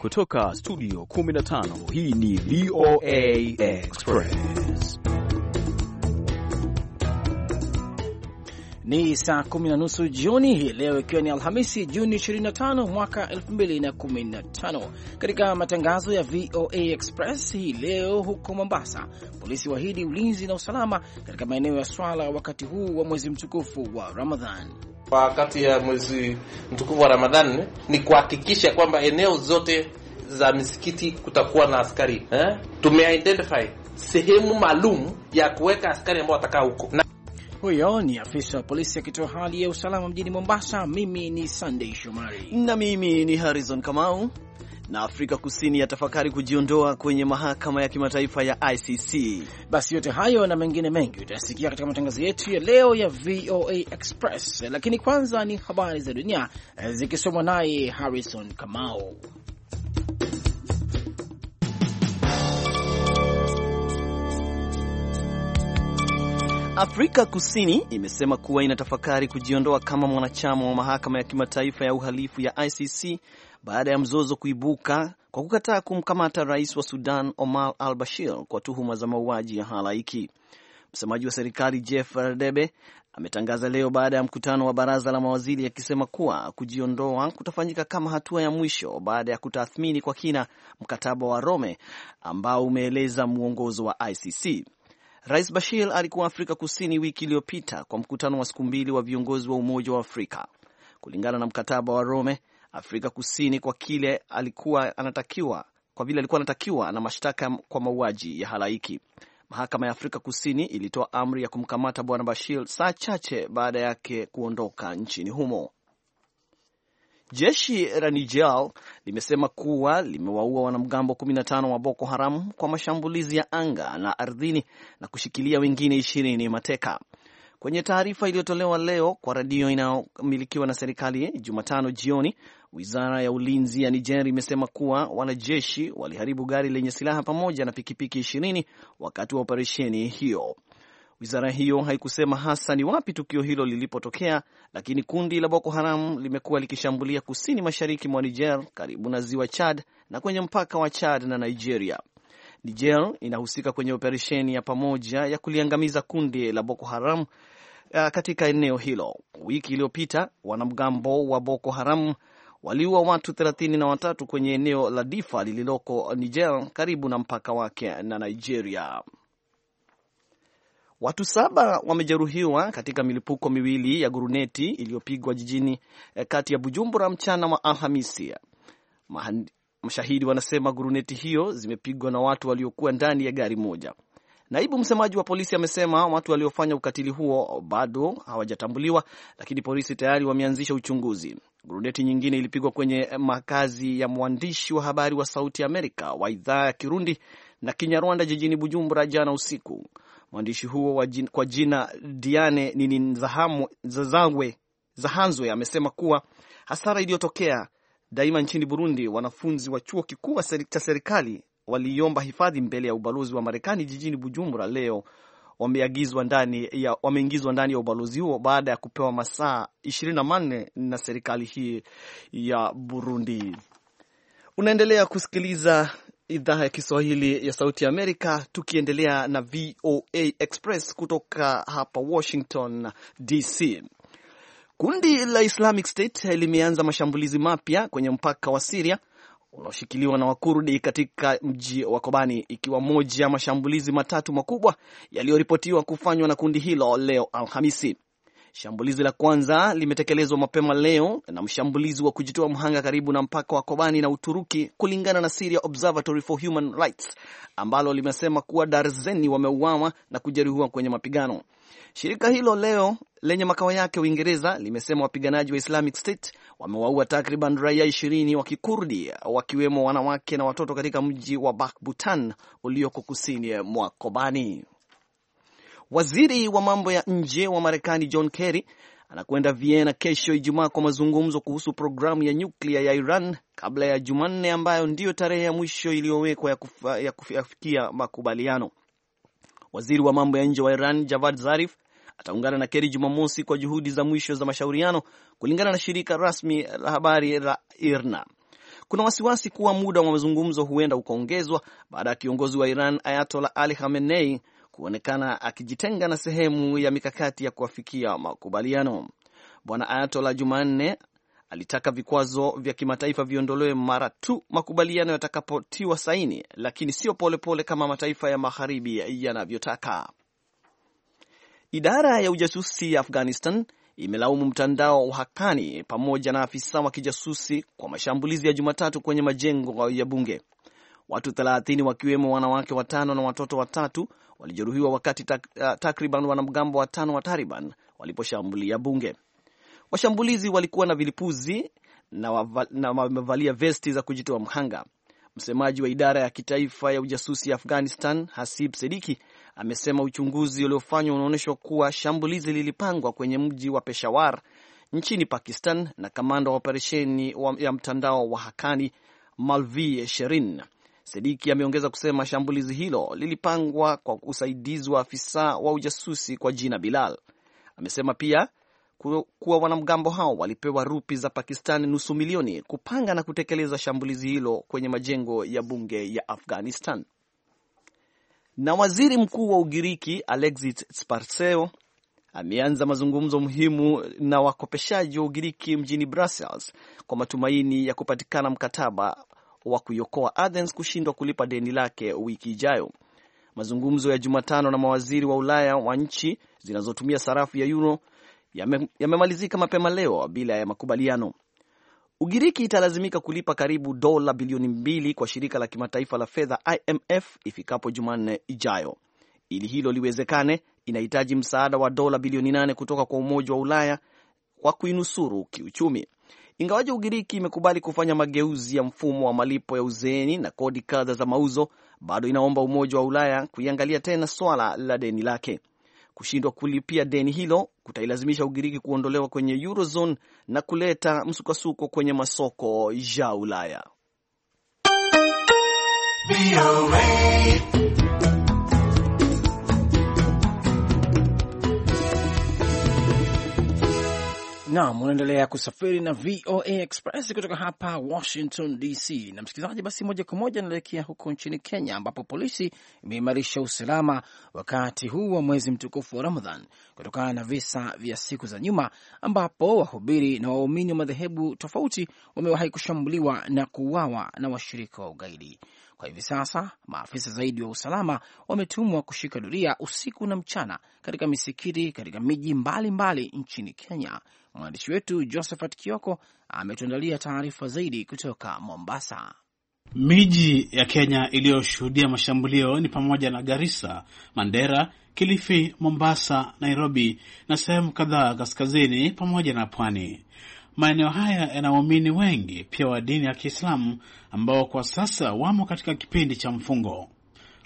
Kutoka studio 15 hii ni VOA Express. Ni saa kumi na nusu jioni hii leo, ikiwa ni Alhamisi Juni 25 mwaka 2015. Katika matangazo ya VOA Express hii leo, huko Mombasa, polisi wahidi ulinzi na usalama katika maeneo ya swala wakati huu wa mwezi mtukufu wa Ramadhan kati ya mwezi mtukufu wa Ramadhani eh, ni kuhakikisha kwamba eneo zote za misikiti kutakuwa na askari eh? Tumeidentify sehemu maalum ya kuweka askari ambao watakaa huko na... Huyo ni afisa wa polisi akitoa hali ya usalama mjini Mombasa. Mimi ni Sunday Shomari na mimi ni Harrison Kamau na Afrika Kusini yatafakari kujiondoa kwenye mahakama ya kimataifa ya ICC. Basi yote hayo na mengine mengi utayasikia katika matangazo yetu ya leo ya VOA Express, lakini kwanza ni habari za dunia zikisomwa naye Harrison Kamau. Afrika Kusini imesema kuwa inatafakari kujiondoa kama mwanachama wa mahakama ya kimataifa ya uhalifu ya ICC baada ya mzozo kuibuka kwa kukataa kumkamata rais wa Sudan Omar al Bashir kwa tuhuma za mauaji ya halaiki. Msemaji wa serikali Jeff Radebe ametangaza leo baada ya mkutano wa baraza la mawaziri akisema kuwa kujiondoa kutafanyika kama hatua ya mwisho baada ya kutathmini kwa kina mkataba wa Rome ambao umeeleza mwongozo wa ICC. Rais Bashir alikuwa Afrika Kusini wiki iliyopita kwa mkutano wa siku mbili wa viongozi wa Umoja wa Afrika. Kulingana na mkataba wa Rome, Afrika Kusini kwa kile alikuwa anatakiwa kwa vile alikuwa anatakiwa na mashtaka kwa mauaji ya halaiki. Mahakama ya Afrika Kusini ilitoa amri ya kumkamata bwana Bashir saa chache baada yake kuondoka nchini humo. Jeshi la Niger limesema kuwa limewaua wanamgambo 15 wa Boko Haram kwa mashambulizi ya anga na ardhini na kushikilia wengine ishirini mateka. Kwenye taarifa iliyotolewa leo kwa redio inayomilikiwa na serikali Jumatano jioni, Wizara ya ulinzi ya Niger imesema kuwa wanajeshi waliharibu gari lenye silaha pamoja na pikipiki ishirini wakati wa operesheni hiyo. Wizara hiyo haikusema hasa ni wapi tukio hilo lilipotokea, lakini kundi la Boko Haram limekuwa likishambulia kusini mashariki mwa Niger, karibu na ziwa Chad na kwenye mpaka wa Chad na Nigeria. Niger inahusika kwenye operesheni ya pamoja ya kuliangamiza kundi la Boko Haram uh, katika eneo hilo. Wiki iliyopita wanamgambo wa Boko Haram waliua watu 33 kwenye eneo la Difa lililoko Niger karibu na mpaka wake na Nigeria. Watu saba wamejeruhiwa katika milipuko miwili ya guruneti iliyopigwa jijini eh, kati ya Bujumbura mchana wa Alhamisi. Mashahidi wanasema guruneti hiyo zimepigwa na watu waliokuwa ndani ya gari moja. Naibu msemaji wa polisi amesema watu waliofanya ukatili huo bado hawajatambuliwa, lakini polisi tayari wameanzisha uchunguzi guruneti nyingine ilipigwa kwenye makazi ya mwandishi wa habari wa Sauti Amerika wa idhaa ya Kirundi na Kinyarwanda jijini Bujumbura jana usiku. Mwandishi huo kwa jina Diane Nininzahangwe Zahanzwe amesema kuwa hasara iliyotokea daima nchini Burundi, wanafunzi wa chuo kikuu cha serikali waliiomba hifadhi mbele ya ubalozi wa Marekani jijini Bujumbura leo wameingizwa ndani ya, wameingizwa ndani ya ubalozi huo baada ya kupewa masaa 24 na serikali hii ya Burundi. Unaendelea kusikiliza idhaa ya Kiswahili ya Sauti ya Amerika, tukiendelea na VOA Express kutoka hapa Washington DC. Kundi la Islamic State limeanza mashambulizi mapya kwenye mpaka wa Siria unaoshikiliwa na Wakurdi katika mji wa Kobani, ikiwa moja ya mashambulizi matatu makubwa yaliyoripotiwa kufanywa na kundi hilo leo Alhamisi. Shambulizi la kwanza limetekelezwa mapema leo na mshambulizi wa kujitoa mhanga karibu na mpaka wa Kobani na Uturuki, kulingana na Syria Observatory for Human Rights ambalo limesema kuwa darzeni wameuawa na kujeruhiwa kwenye mapigano. Shirika hilo leo lenye makao yake Uingereza limesema wapiganaji wa Islamic State wamewaua takriban raia ishirini wa Kikurdi wakiwemo wanawake na watoto katika mji wa Bakbutan ulioko kusini mwa Kobani. Waziri wa mambo ya nje wa Marekani John Kerry anakwenda Vienna kesho Ijumaa kwa mazungumzo kuhusu programu ya nyuklia ya Iran kabla ya Jumanne ambayo ndiyo tarehe ya mwisho iliyowekwa ya kufikia makubaliano. Waziri wa mambo ya nje wa Iran Javad Zarif ataungana na Keri Jumamosi kwa juhudi za mwisho za mashauriano, kulingana na shirika rasmi la habari la IRNA. Kuna wasiwasi kuwa muda wa mazungumzo huenda ukaongezwa baada ya kiongozi wa Iran Ayatola Ali Khamenei kuonekana akijitenga na sehemu ya mikakati ya kuafikia makubaliano. Bwana Ayatola Jumanne alitaka vikwazo vya kimataifa viondolewe mara tu makubaliano yatakapotiwa saini, lakini sio polepole kama mataifa ya magharibi yanavyotaka. Idara ya ujasusi ya Afghanistan imelaumu mtandao wa Hakani pamoja na afisa wa kijasusi kwa mashambulizi ya Jumatatu kwenye majengo ya bunge. Watu 30 wakiwemo wanawake watano na watoto watatu walijeruhiwa wakati tak, uh, takriban wanamgambo watano wa Taliban waliposhambulia bunge. Washambulizi walikuwa na vilipuzi na wamevalia vesti za kujitoa mhanga. Msemaji wa idara ya kitaifa ya ujasusi ya Afghanistan, Hasib Sediki, amesema uchunguzi uliofanywa unaonyeshwa kuwa shambulizi lilipangwa kwenye mji wa Peshawar nchini Pakistan na kamanda wa operesheni ya mtandao wa Hakani, Malvi Sherin. Sediki ameongeza kusema shambulizi hilo lilipangwa kwa usaidizi wa afisa wa ujasusi kwa jina Bilal. Amesema pia kuwa wanamgambo hao walipewa rupi za Pakistan nusu milioni kupanga na kutekeleza shambulizi hilo kwenye majengo ya bunge ya Afghanistan. Na waziri mkuu wa Ugiriki Alexis Sparseo ameanza mazungumzo muhimu na wakopeshaji wa Ugiriki mjini Brussels kwa matumaini ya kupatikana mkataba wa kuiokoa Athens kushindwa kulipa deni lake wiki ijayo. Mazungumzo ya Jumatano na mawaziri wa Ulaya wa nchi zinazotumia sarafu ya euro yamemalizika mapema leo bila ya makubaliano. Ugiriki italazimika kulipa karibu dola bilioni mbili kwa shirika la kimataifa la fedha IMF ifikapo Jumanne ijayo. Ili hilo liwezekane, inahitaji msaada wa dola bilioni nane kutoka kwa Umoja wa Ulaya kwa kuinusuru kiuchumi. Ingawaje Ugiriki imekubali kufanya mageuzi ya mfumo wa malipo ya uzeeni na kodi kadha za mauzo, bado inaomba Umoja wa Ulaya kuiangalia tena swala la deni lake. Kushindwa kulipia deni hilo kutailazimisha Ugiriki kuondolewa kwenye Eurozone na kuleta msukosuko kwenye masoko ya Ulaya. Naam, unaendelea kusafiri na VOA Express kutoka hapa Washington DC. Na msikilizaji, basi moja kwa moja anaelekea huko nchini Kenya, ambapo polisi imeimarisha usalama wakati huu wa mwezi mtukufu wa Ramadhan kutokana na visa vya siku za nyuma, ambapo wahubiri na waumini wa madhehebu tofauti wamewahi kushambuliwa na kuuawa na washirika wa ugaidi. Kwa hivi sasa maafisa zaidi wa usalama wametumwa kushika doria usiku na mchana katika misikiti katika miji mbalimbali nchini Kenya. Mwandishi wetu Josephat Kioko ametuandalia taarifa zaidi kutoka Mombasa. Miji ya Kenya iliyoshuhudia mashambulio ni pamoja na Garissa, Mandera, Kilifi, Mombasa, Nairobi na sehemu kadhaa kaskazini pamoja na pwani. Maeneo haya yana waumini wengi pia wa dini ya Kiislamu ambao kwa sasa wamo katika kipindi cha mfungo.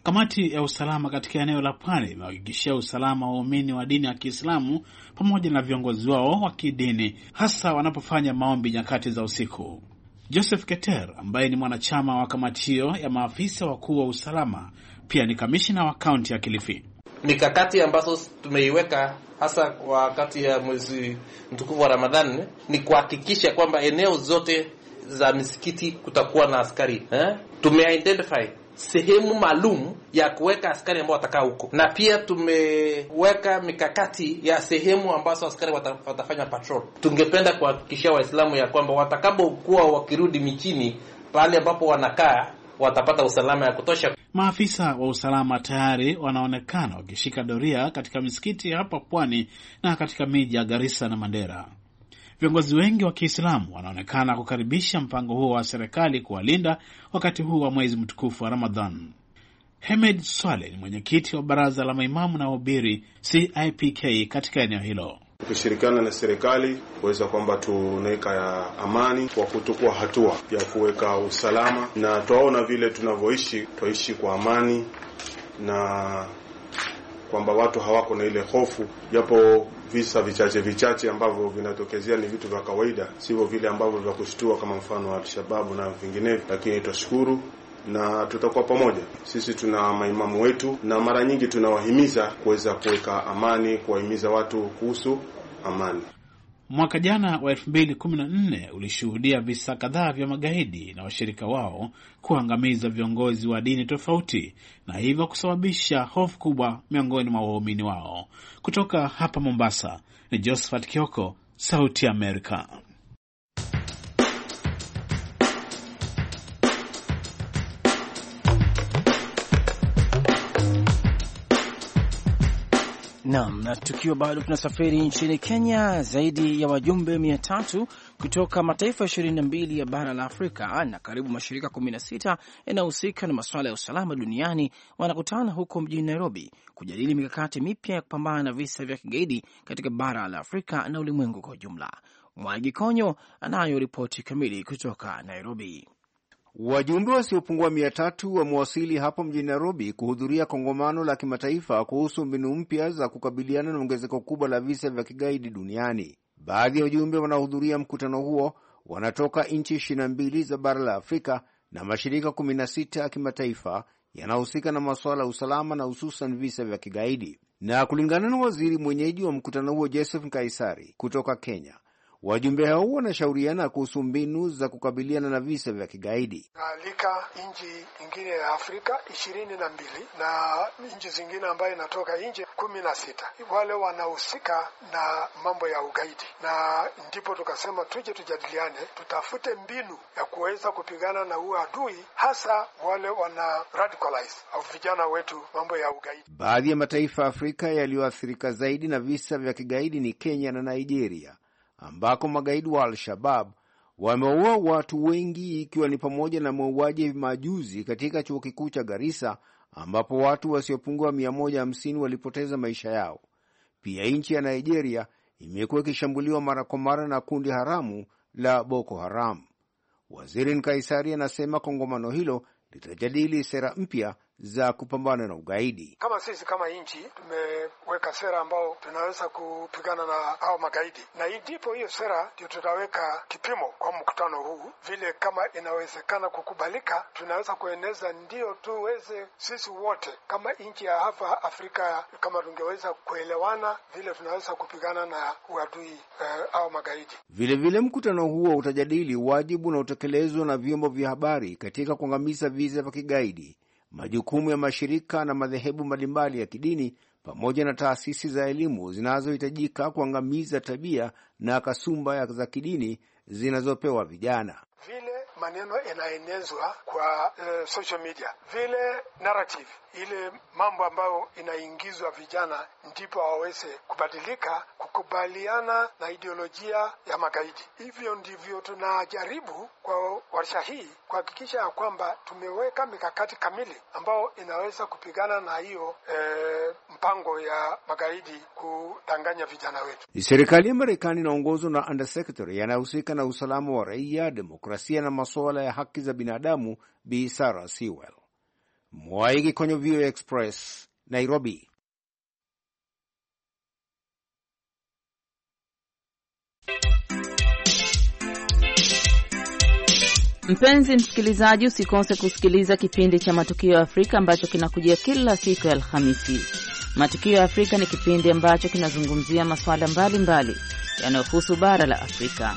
Kamati ya usalama katika eneo la pwani imehakikishia usalama wa waumini wa dini ya Kiislamu pamoja na viongozi wao wa kidini, hasa wanapofanya maombi nyakati za usiku. Joseph Keter ambaye ni mwanachama wa kamati hiyo ya maafisa wakuu wa usalama, pia ni kamishina wa kaunti ya Kilifi, mikakati ambazo tumeiweka hasa wakati ya mwezi mtukufu wa Ramadhani eh, ni kuhakikisha kwamba eneo zote za misikiti kutakuwa na askari eh? Tumeidentify sehemu maalum ya kuweka askari ambao watakaa huko, na pia tumeweka mikakati ya sehemu ambazo askari watafanya patrol. Tungependa kuhakikishia Waislamu ya kwamba watakapokuwa wakirudi michini, pale ambapo wanakaa watapata usalama ya kutosha Maafisa wa usalama tayari wanaonekana wakishika doria katika misikiti hapa pwani na katika miji ya Garissa na Mandera. Viongozi wengi wa Kiislamu wanaonekana kukaribisha mpango huo wa serikali kuwalinda wakati huu wa mwezi mtukufu wa Ramadhan. Hemed Swaleh ni mwenyekiti wa baraza la maimamu na wahubiri CIPK katika eneo hilo kushirikiana na serikali kuweza kwamba tunaweka amani kwa kutukua hatua ya kuweka usalama, na twaona vile tunavyoishi, twaishi kwa amani na kwamba watu hawako na ile hofu, japo visa vichache vichache ambavyo vinatokezea ni vitu vya kawaida, sivyo vile ambavyo vya kushtua kama mfano wa Alshababu na vinginevyo, lakini twashukuru na tutakuwa pamoja. Sisi tuna maimamu wetu, na mara nyingi tunawahimiza kuweza kuweka amani, kuwahimiza watu kuhusu amani. Mwaka jana wa 2014 ulishuhudia visa kadhaa vya magaidi na washirika wao kuangamiza viongozi wa dini tofauti na hivyo kusababisha hofu kubwa miongoni mwa waumini wao. Kutoka hapa Mombasa ni Josephat Kioko, Sauti ya Amerika. Naam, na tukiwa bado tunasafiri nchini Kenya, zaidi ya wajumbe mia tatu kutoka mataifa ishirini na mbili ya bara la Afrika na karibu mashirika kumi na sita yanayohusika na masuala ya usalama duniani wanakutana huko mjini Nairobi kujadili mikakati mipya ya kupambana na visa vya kigaidi katika bara la Afrika na ulimwengu kwa ujumla. Mwagi Konyo anayo ripoti kamili kutoka Nairobi. Wajumbe wasiopungua mia tatu wamewasili hapo mjini Nairobi kuhudhuria kongamano la kimataifa kuhusu mbinu mpya za kukabiliana na ongezeko kubwa la visa vya kigaidi duniani. Baadhi ya wajumbe wanaohudhuria mkutano huo wanatoka nchi 22 za bara la Afrika na mashirika 16 ya kimataifa yanahusika na masuala ya usalama na hususan visa vya kigaidi. Na kulingana na waziri mwenyeji wa mkutano huo Joseph Nkaisari kutoka Kenya, Wajumbe hao wanashauriana kuhusu mbinu za kukabiliana na visa vya kigaidi. Naalika nchi ingine ya Afrika ishirini na mbili na nchi zingine ambayo inatoka nje kumi na sita wale wanahusika na mambo ya ugaidi, na ndipo tukasema tuje tujadiliane, tutafute mbinu ya kuweza kupigana na huo adui, hasa wale wana radicalize au vijana wetu mambo ya ugaidi. Baadhi ya mataifa ya Afrika yaliyoathirika zaidi na visa vya kigaidi ni Kenya na Nigeria ambako magaidi wa Al-Shabab wameua watu wengi ikiwa ni pamoja na mauaji majuzi katika chuo kikuu cha Garissa ambapo watu wasiopungua 150 walipoteza maisha yao. Pia nchi ya Nigeria imekuwa ikishambuliwa mara kwa mara na kundi haramu la Boko Haram. Waziri Nkaisari anasema kongamano hilo litajadili sera mpya za kupambana na ugaidi. Kama sisi kama nchi tumeweka sera ambao tunaweza kupigana na hao magaidi, na ndipo hiyo sera ndio tutaweka kipimo kwa mkutano huu, vile kama inawezekana kukubalika, tunaweza kueneza ndio tuweze sisi wote kama nchi ya hapa Afrika, kama tungeweza kuelewana vile tunaweza kupigana na uadui eh, au magaidi. Vilevile mkutano huo utajadili wajibu na utekelezwa na vyombo vya habari katika kuangamiza visa vya kigaidi majukumu ya mashirika na madhehebu mbalimbali ya kidini pamoja na taasisi za elimu zinazohitajika kuangamiza tabia na kasumba za kidini zinazopewa vijana vile maneno yanaenezwa kwa uh, social media, vile narrative ile mambo ambayo inaingizwa vijana, ndipo waweze kubadilika kukubaliana na ideolojia ya magaidi. Hivyo ndivyo tunajaribu kwa warsha hii kuhakikisha ya kwamba tumeweka mikakati kamili ambayo inaweza kupigana na hiyo eh, mpango ya magaidi kudanganya vijana wetu. Serikali ya Marekani inaongozwa na undersecretary yanayehusika na usalama wa raia, demokrasia na masuala ya haki za binadamu Bi Sarah Sewell. Mwaigi kwenye VOA Express, Nairobi. Mpenzi msikilizaji, usikose kusikiliza kipindi cha Matukio ya Afrika ambacho kinakujia kila siku ya Alhamisi. Matukio ya Afrika ni kipindi ambacho kinazungumzia masuala mbalimbali yanayohusu bara la Afrika.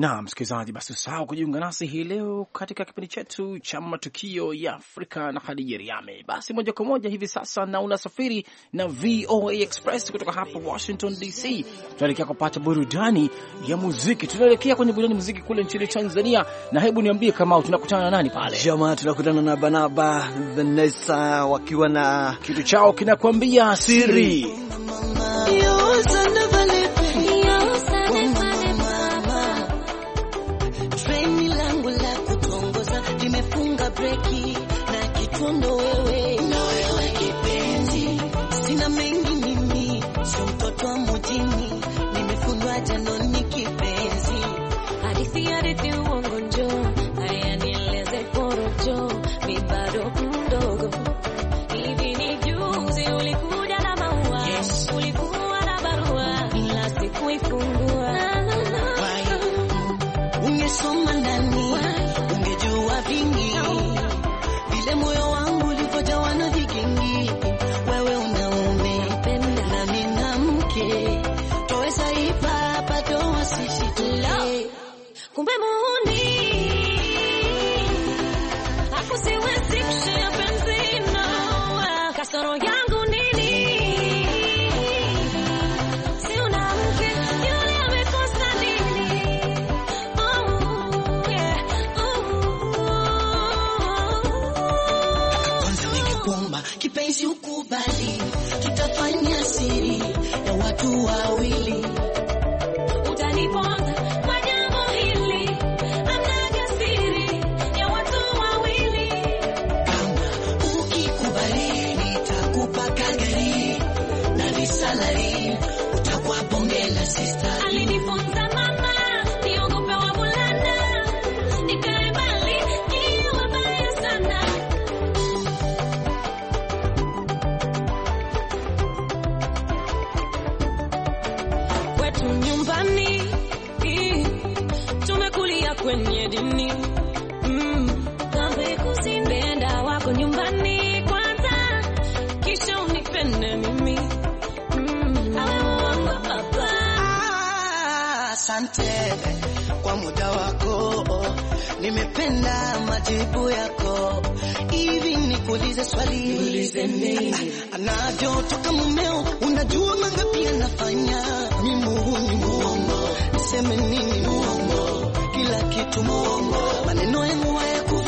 na msikilizaji, basi usahau kujiunga nasi hii leo katika kipindi chetu cha matukio ya Afrika na Hadija Riame. Basi moja kwa moja hivi sasa, na unasafiri na VOA Express kutoka hapa Washington DC. Tunaelekea kupata burudani ya muziki, tunaelekea kwenye burudani muziki kule nchini Tanzania. Na hebu niambie, Kamau, tunakutana na nani pale? Jamaa, tunakutana na Banaba Vanessa wakiwa na kitu chao siri, siri with you. kipenzi ukubali, tutafanya siri ya watu wawili, utanipona asante kwa muda wako, nimependa majibu yako. Hivi nikuulize swali, niulize nini? Anavyotoka mumeo, unajua mangapi anafanya? Ni muongo, niseme nini? Muongo, kila kitu muongo, maneno yangu hayaku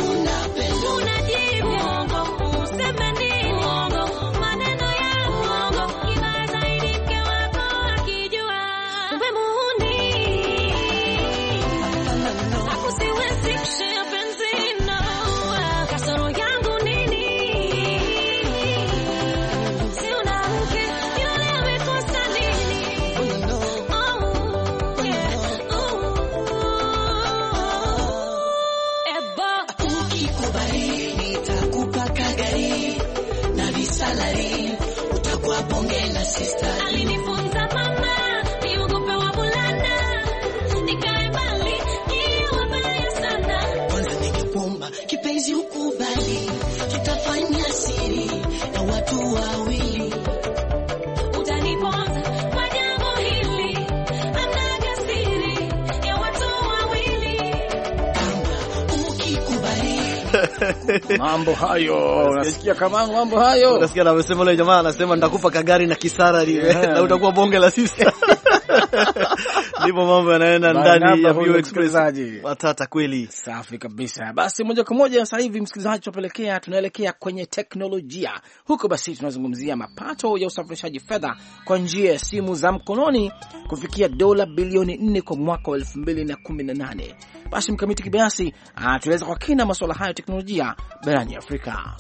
mambo hayo unasikia kama mambo hayo unasikia, anasema yule jamaa anasema nitakupa kagari na kisara lile na utakuwa bonge la sisi Ndipo mambo yanaenda ndani ya View Express. Watata kweli. Safi kabisa. Basi moja kwa moja sasa hivi msikilizaji, tupelekea tunaelekea kwenye teknolojia. Huko basi tunazungumzia mapato ya usafirishaji fedha kwa njia ya simu za mkononi kufikia dola bilioni 4 kwa mwaka wa 2018. Basi mkamiti kibayasi atueleza ah, kwa kina masuala hayo teknolojia barani Afrika.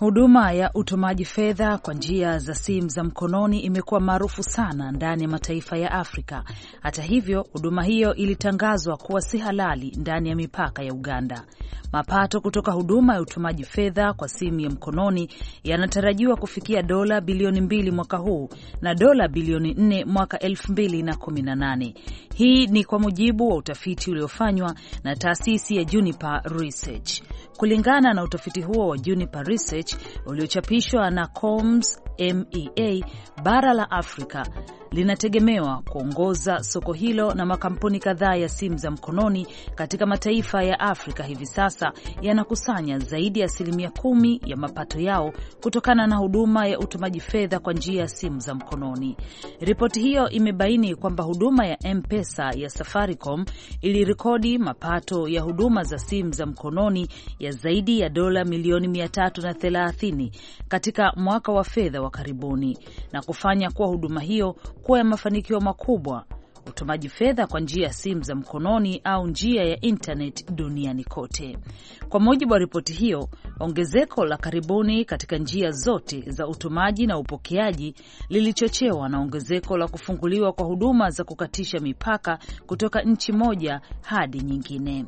Huduma ya utumaji fedha kwa njia za simu za mkononi imekuwa maarufu sana ndani ya mataifa ya Afrika. Hata hivyo, huduma hiyo ilitangazwa kuwa si halali ndani ya mipaka ya Uganda. Mapato kutoka huduma ya utumaji fedha kwa simu ya mkononi yanatarajiwa kufikia dola bilioni mbili mwaka huu na dola bilioni nne mwaka elfu mbili na kumi na nane. Hii ni kwa mujibu wa utafiti uliofanywa na taasisi ya Juniper Research. Kulingana na utafiti huo wa Juniper Research, uliochapishwa na coms Mea bara la Afrika linategemewa kuongoza soko hilo, na makampuni kadhaa ya simu za mkononi katika mataifa ya Afrika hivi sasa yanakusanya zaidi ya asilimia kumi ya mapato yao kutokana na huduma ya utumaji fedha kwa njia ya simu za mkononi. Ripoti hiyo imebaini kwamba huduma ya M-Pesa ya Safaricom ilirekodi mapato ya huduma za simu za mkononi ya zaidi ya dola milioni 330 katika mwaka wa fedha wa karibuni na kufanya kuwa huduma hiyo kuwa ya mafanikio makubwa utumaji fedha kwa njia ya simu za mkononi au njia ya intanet duniani kote. Kwa mujibu wa ripoti hiyo, ongezeko la karibuni katika njia zote za utumaji na upokeaji lilichochewa na ongezeko la kufunguliwa kwa huduma za kukatisha mipaka kutoka nchi moja hadi nyingine.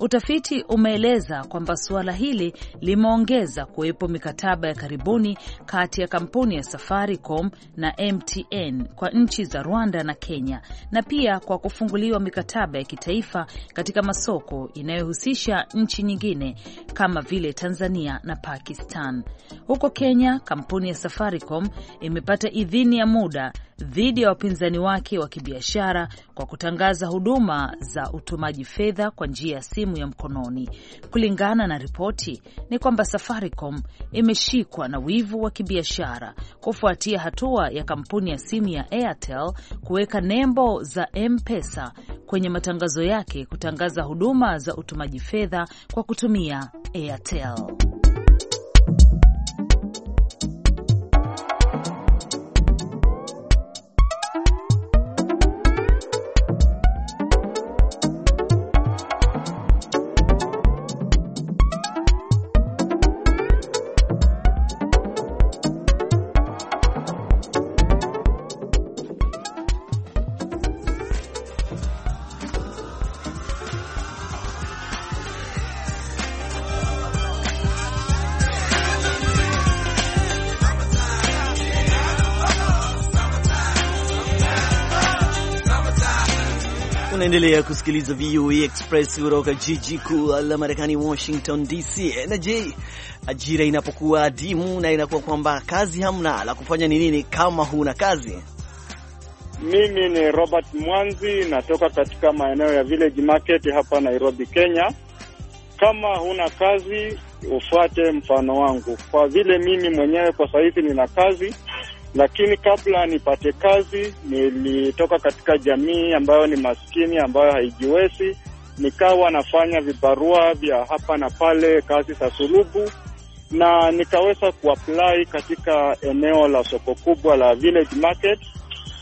Utafiti umeeleza kwamba suala hili limeongeza kuwepo mikataba ya karibuni kati ya kampuni ya Safaricom na MTN kwa nchi za Rwanda na Kenya, na pia kwa kufunguliwa mikataba ya kitaifa katika masoko inayohusisha nchi nyingine kama vile Tanzania na Pakistan. Huko Kenya, kampuni ya Safaricom imepata idhini ya muda dhidi ya wapinzani wake wa kibiashara kwa kutangaza huduma za utumaji fedha kwa njia ya simu ya mkononi. Kulingana na ripoti, ni kwamba Safaricom imeshikwa na wivu wa kibiashara kufuatia hatua ya kampuni ya simu ya Airtel kuweka nembo za M-Pesa kwenye matangazo yake kutangaza huduma za utumaji fedha kwa kutumia Airtel. Unaendelea kusikiliza VOA Express kutoka jiji kuu la Marekani, Washington DC. Na je, ajira inapokuwa adimu na inakuwa kwamba kazi hamna, la kufanya ni nini kama huna kazi? Mimi ni Robert Mwanzi, natoka katika maeneo ya Village Market hapa Nairobi, Kenya. Kama huna kazi, ufuate mfano wangu, kwa vile mimi mwenyewe kwa sasa hivi nina kazi lakini kabla nipate kazi nilitoka katika jamii ambayo ni maskini, ambayo haijiwezi, nikawa nafanya vibarua vya hapa na pale, kazi za sulubu, na nikaweza kuapply katika eneo la soko kubwa la Village Market,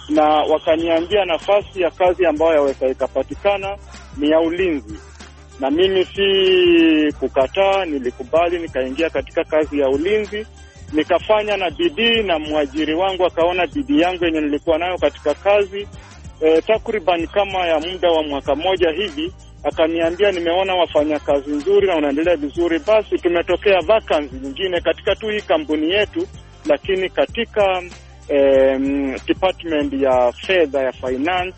na wakaniambia nafasi ya kazi ambayo yaweza ikapatikana ni ya ulinzi, na mimi si kukataa, nilikubali, nikaingia katika kazi ya ulinzi nikafanya na bidii, na mwajiri wangu akaona bidii yangu yenye nilikuwa nayo katika kazi e, takriban kama ya muda wa mwaka moja hivi akaniambia nimeona wafanya kazi nzuri na unaendelea vizuri, basi tumetokea vakansi nyingine katika tu hii kampuni yetu, lakini katika um, department ya fedha ya finance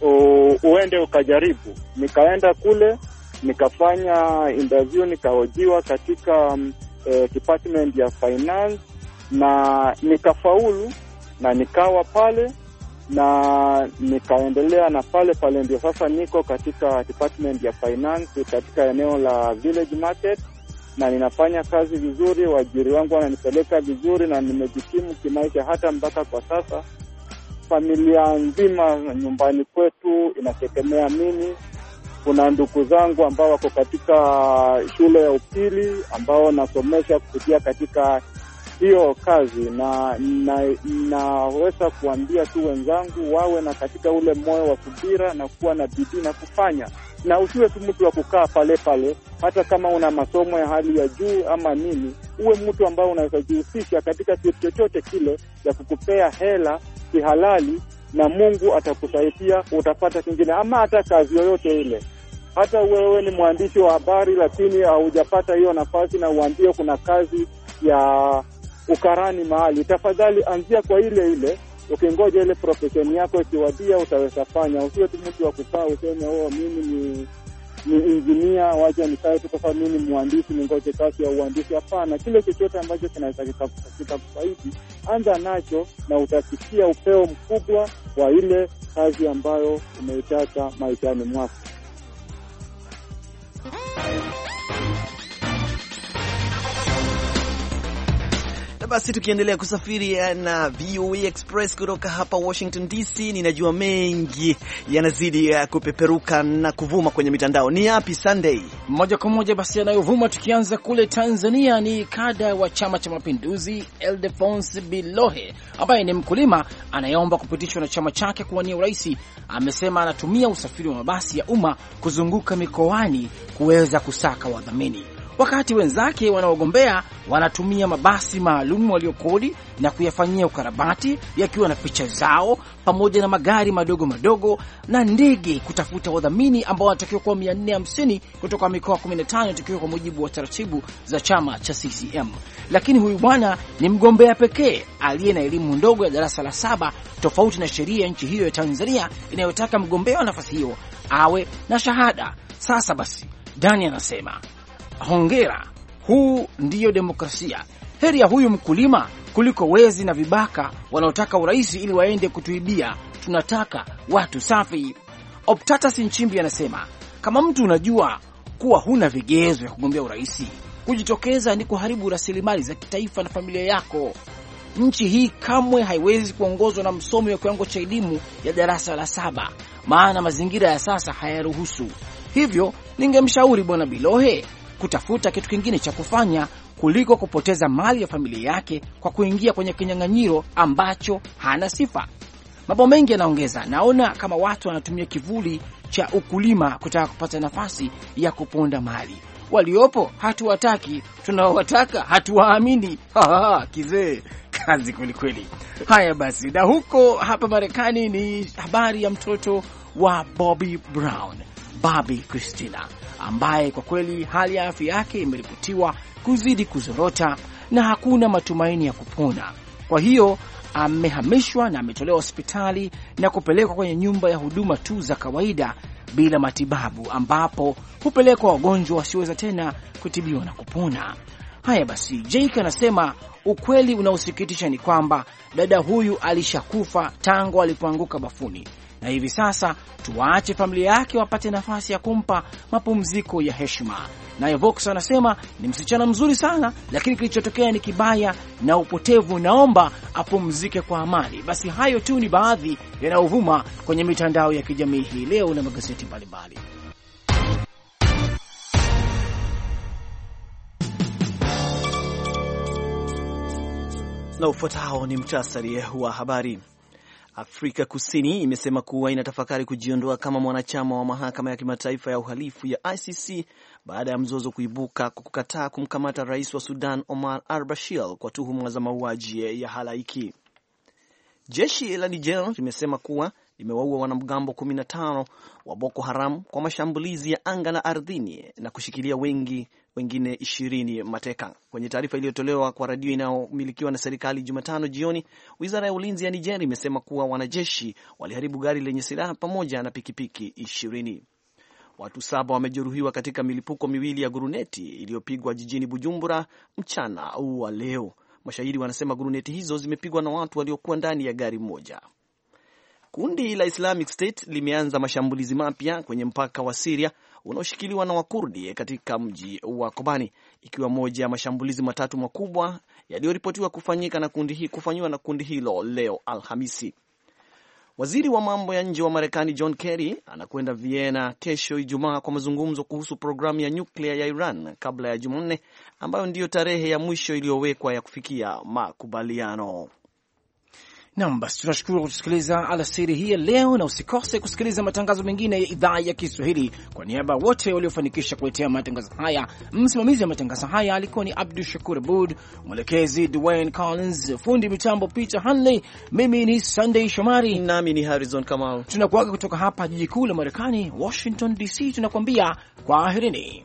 u, uende ukajaribu. Nikaenda kule nikafanya interview, nikahojiwa katika um, eh, department ya finance, na nikafaulu na nikawa pale na nikaendelea na pale pale, ndio sasa niko katika department ya finance katika eneo la village market, na ninafanya kazi vizuri, waajiri wangu wananipeleka vizuri, na nimejikimu kimaisha hata mpaka kwa sasa. Familia nzima nyumbani kwetu inategemea mimi kuna ndugu zangu ambao wako katika shule ya upili ambao nasomesha kupitia katika hiyo kazi, na naweza na kuambia tu wenzangu wawe na katika ule moyo wa subira na kuwa na bidii na kufanya, na usiwe tu mtu wa kukaa pale pale. Hata kama una masomo ya hali ya juu ama nini, uwe mtu ambao unaweza jihusisha katika kitu chochote kile ya kukupea hela kihalali na Mungu atakusaidia, utapata kingine, ama hata kazi yoyote ile. Hata wewe ni mwandishi wa habari, lakini haujapata hiyo nafasi na uambie kuna kazi ya ukarani mahali, tafadhali anzia kwa ile ile. Ukingoja ile profesheni yako ikiwadia, utaweza fanya. Usiwe tu mtu wa kupaa useme oh, mimi ni ni injinia, waje nikae tu kwa sababu ni mwandishi, ningoje kazi ya uandishi. Hapana, kile chochote ambacho kinaweza kikakufaidi, anza nacho na utasikia upeo mkubwa wa ile kazi ambayo umeitaka maishani mwako. basi tukiendelea kusafiri eh, na VOA Express kutoka hapa Washington DC, ninajua mengi yanazidi ya eh, kupeperuka na kuvuma kwenye mitandao. Ni yapi Sunday? Moja kwa moja basi yanayovuma, tukianza kule Tanzania ni kada wa Chama cha Mapinduzi Eldefonse Bilohe ambaye ni mkulima anayeomba kupitishwa na chama chake kuwania urais. Amesema anatumia usafiri wa mabasi ya umma kuzunguka mikoani kuweza kusaka wadhamini wakati wenzake wanaogombea wanatumia mabasi maalum waliokodi na kuyafanyia ukarabati yakiwa na picha zao pamoja na magari madogo madogo na ndege, kutafuta wadhamini ambao wanatakiwa kuwa 450 kutoka mikoa 15 tukiwa kwa mujibu wa taratibu za chama cha CCM. Lakini huyu bwana ni mgombea pekee aliye na elimu ndogo ya darasa la saba, tofauti na sheria ya nchi hiyo ya Tanzania inayotaka mgombea wa nafasi hiyo awe na shahada. Sasa basi, Dani anasema hongera, huu ndiyo demokrasia. Heri ya huyu mkulima kuliko wezi na vibaka wanaotaka urais ili waende kutuibia. Tunataka watu safi. Optatus Nchimbi anasema kama mtu unajua kuwa huna vigezo vya kugombea urais, kujitokeza ni kuharibu rasilimali za kitaifa na familia yako. Nchi hii kamwe haiwezi kuongozwa na msomi wa kiwango cha elimu ya darasa la saba, maana mazingira ya sasa hayaruhusu hivyo. Ningemshauri Bwana Bilohe kutafuta kitu kingine cha kufanya kuliko kupoteza mali ya familia yake kwa kuingia kwenye kinyang'anyiro ambacho hana sifa. Mambo mengi yanaongeza, naona kama watu wanatumia kivuli cha ukulima kutaka kupata nafasi ya kuponda mali. Waliopo hatuwataki, tunaowataka hatuwaamini. Kizee, kazi kwelikweli. Haya basi, na huko hapa Marekani ni habari ya mtoto wa Bobby Brown Babi Christina ambaye kwa kweli hali ya afya yake imeripotiwa kuzidi kuzorota na hakuna matumaini ya kupona. Kwa hiyo amehamishwa na ametolewa hospitali na kupelekwa kwenye nyumba ya huduma tu za kawaida bila matibabu, ambapo hupelekwa wagonjwa wasioweza tena kutibiwa na kupona. Haya basi, Jake anasema ukweli unaosikitisha ni kwamba dada huyu alishakufa tangu alipoanguka bafuni, na hivi sasa tuwaache familia yake wapate nafasi ya kumpa mapumziko ya heshima. Naye Vox anasema ni msichana mzuri sana, lakini kilichotokea ni kibaya na upotevu. Naomba apumzike kwa amani. Basi hayo tu ni baadhi yanayovuma kwenye mitandao ya kijamii hii leo na magazeti mbalimbali. Na ufuatao ni mtasari wa habari. Afrika Kusini imesema kuwa inatafakari kujiondoa kama mwanachama wa mahakama ya kimataifa ya uhalifu ya ICC baada ya mzozo kuibuka kwa kukataa kumkamata rais wa Sudan Omar al-Bashir kwa tuhuma za mauaji ya halaiki. Jeshi la Niger limesema kuwa limewaua wanamgambo 15 wa Boko Haram kwa mashambulizi ya anga na ardhini na kushikilia wengi wengine ishirini mateka. Kwenye taarifa iliyotolewa kwa redio inayomilikiwa na serikali Jumatano jioni, wizara ya ulinzi ya Nigeria imesema kuwa wanajeshi waliharibu gari lenye silaha pamoja na pikipiki ishirini. Watu saba wamejeruhiwa katika milipuko miwili ya guruneti iliyopigwa jijini Bujumbura mchana wa leo. Mashahidi wanasema guruneti hizo zimepigwa na watu waliokuwa ndani ya gari moja. Kundi la Islamic State limeanza mashambulizi mapya kwenye mpaka wa Siria unaoshikiliwa na Wakurdi katika mji wa Kobani, ikiwa moja ya mashambulizi matatu makubwa yaliyoripotiwa kufanyika na kundi hii kufanyiwa na kundi hilo leo Alhamisi. Waziri wa mambo ya nje wa Marekani John Kerry anakwenda Vienna kesho Ijumaa kwa mazungumzo kuhusu programu ya nyuklia ya Iran kabla ya Jumanne, ambayo ndiyo tarehe ya mwisho iliyowekwa ya kufikia makubaliano. Nam, basi tunashukuru kusikiliza alasiri hii ya leo, na usikose kusikiliza matangazo mengine ya idhaa ya Kiswahili. Kwa niaba ya wote waliofanikisha kuletea matangazo haya, msimamizi wa matangazo haya alikuwa ni Abdu Shakur Abud, mwelekezi Dwayne Collins, fundi mitambo Peter Hanley, mimi ni Sunday Shomari nami ni Harrison Kamau. Tunakuaga kutoka hapa jiji kuu la Marekani, Washington DC, tunakuambia kwaherini.